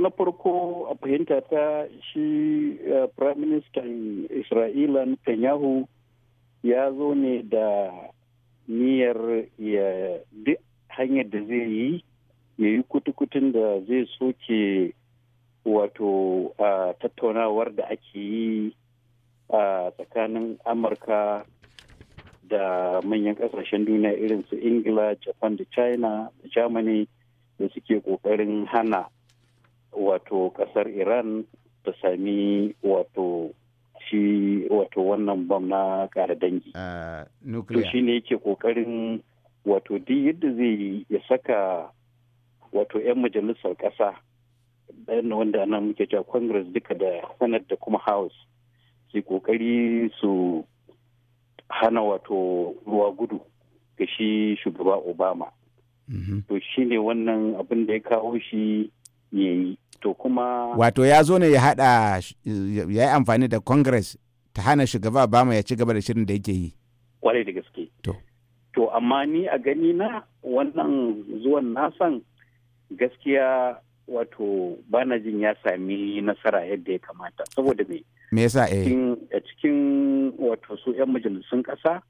na farko a fahimta ta shi eh, prime minister isra'ila netanyahu ya zo ne da niyyar ya duk hanyar da zai yi ya yi kutukutun da zai soke wato a tattaunawar da ake yi a tsakanin amurka da manyan kasashen duniya irin su ingila japan da china da germany da suke kokarin hana wato kasar iran ta sami wato shi wato wannan bam na kara dangi ah, to shi ne yake kokarin wato duk yadda zai ya saka wato 'yan majalisar ƙasa bayan wanda ana muke cewa congress duka da senate da kuma house su kokari su hana wato ruwa gudu ga shi shugaba obama mhm. to shi ne wannan abin da ya kawo shi yayi to kuma wato ya zo ne ya hada ya yi amfani da congress ta hana shugaba obama ya ci gaba da shirin da yake yi kwarai da gaske to to amma ni a gani na wannan zuwan nasan gaskiya wato bana jin ya sami nasara yadda ya kamata saboda me me yasa eh cikin wato su yan majalisun kasa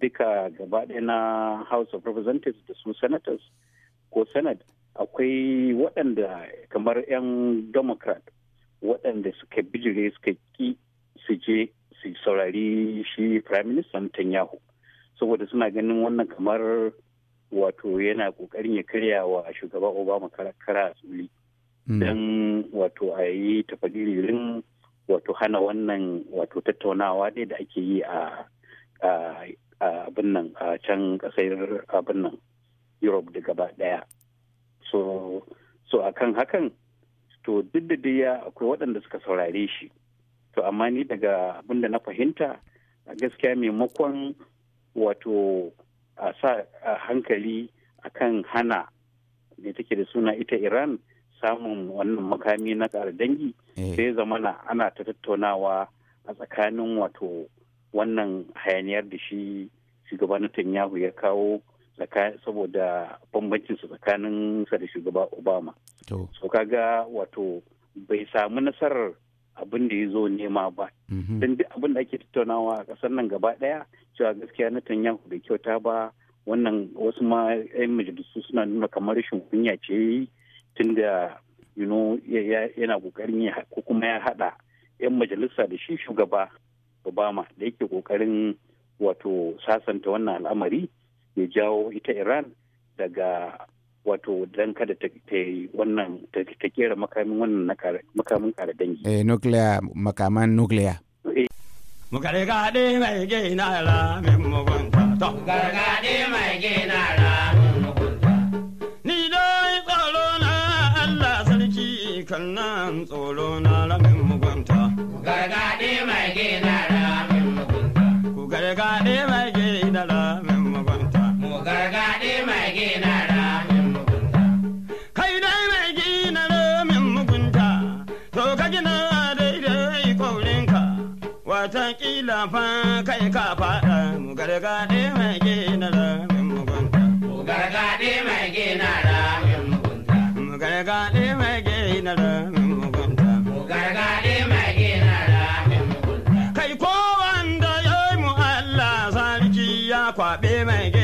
duka gaba na house of representatives da su senators ko senate akwai waɗanda kamar 'yan democrat waɗanda suka bijire suka ƙi su je su saurari shi prime minister Netanyahu saboda suna ganin wannan kamar wato yana ƙoƙarin ya karya wa shugaba obama kara tsuli hmm. don wato a yi tafadirin wato hana wannan wato tattaunawa ne da ake yi a abin nan a can ƙasar abin nan europe da gaba ɗaya so so akan hakan to duk da dai akwai waɗanda suka saurare shi to amma ni daga abin da na fahimta a gaskiya maimakon wato a sa hankali akan hana ne take da suna ita iran samun wannan makami na ƙara dangi eh. sai zama na ana ta tattaunawa a tsakanin wato wannan hayaniyar da shi shugaban Netanyahu ya kawo saboda bambancin su tsakanin sa da shugaba obama so kaga wato bai samu nasarar abin da ya zo nema ba mhm. don duk abin da ake tattaunawa a ƙasar nan gaba ɗaya cewa gaskiya na tanyahu da kyauta ba wannan wasu ma 'yan majalisu suna nuna kamar rashin kunya ce tun da yana kokarin ya ko kuma ya haɗa 'yan majalisa da shi shugaba obama da yake kokarin wato sasanta wannan al'amari ya jawo ita iran daga wato don kada ta yi wannan ta kera makamin wannan makamin kare dangi eh nuclear makaman nuclear mukare gade mai na la min mugunta to gargade mai gina la mugunta ni dai tsoro na Allah sarki kan nan tsoro na la min mugunta gargade mai gina la min mugunta ku gargade mai na la min watakila fa kai ka faɗa mu gargaɗe mai gina ramin mugunta. Mu gargaɗe mai gina ramin mugunta. mai gina mugunta. Kai ko wanda ya yi mu Allah sarki ya kwaɓe mai gina